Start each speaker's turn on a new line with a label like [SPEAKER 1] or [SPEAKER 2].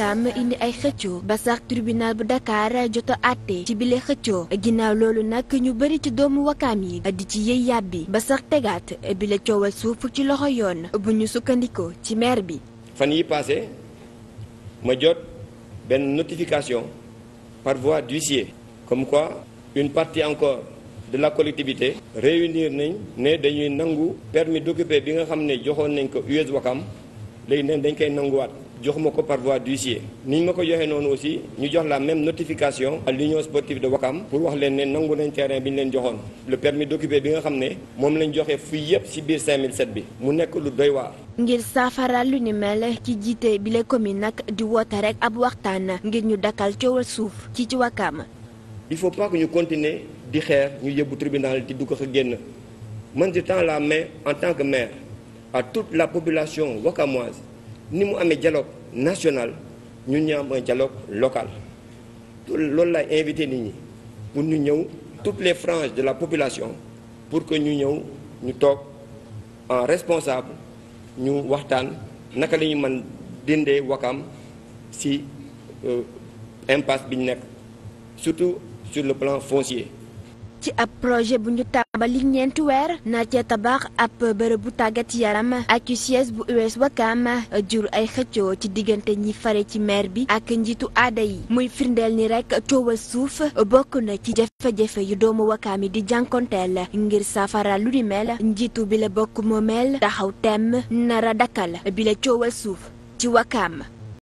[SPEAKER 1] itam indi ay xëccoo ba sax tribunal bu Dakar joto àtte ci bile xëccoo ginnaaw loolu nag ñu bëri ci doomu wakaam yi di ci yëy yàbbi ba sax tegaat bile coowal suuf ci loxo yoon bu ñu sukkandikoo ci maire bi.
[SPEAKER 2] fan yi passé ma jot benn notification par voie d'huissier comme quoi une partie encore. de la collectivité réunir nañ ne dañuy nangu permis d'occuper bi nga xam ne joxoon nañ ko US Wakam léegi nag dañ koy nanguwaat jox ma ko par voie d'huissier ni ma ko joxee noonu aussi ñu jox la même notification a à l'union sportive de Wakam pour wax leen ne nangu nañ terrain bi ñu leen joxoon le permis d'occuper bi nga xam ne moom lañ joxee fii yëpp ci biir 5007 bi mu nekk lu doy waar
[SPEAKER 1] ngir saafara lu ni mel ci jiite bi la commune nag di woote rek ab waxtaan ngir ñu dakkal coowal suuf ci ci Wakam
[SPEAKER 2] il faut pas que ñu continuer di xeer ñu yëbbu tribunal di dugg ak génn man je tends la en tant que maire à toute la population wakamoise ni mu amee dialogue national ñun ñu am un dialogue local loolu laay invité nit ñi pour ñu ñëw toutes les franges de la population pour que ñu ñëw ñu toog en responsable ñu waxtaan naka la ñu mën dindee Wakam si euh, impasse bi ñu nekk surtout sur le plan foncier
[SPEAKER 1] ci ab projet bu ñu tàmbali ñeenti weer na ca tabax ab bërëb bu tàggat yaram ak ci siège bu US Ouakam jur ay xëccoo ci diggante ñi fare ci maire bi ak njiitu aada yi muy firndeel ni rek coowal suuf bokk na ci jafe-jafe yi doomu Ouakam yi di jànkonteel ngir saafara lu ni mel njiitu bila la bokk mel taxaw temm nara dakkal bi la coowal suuf ci Ouakam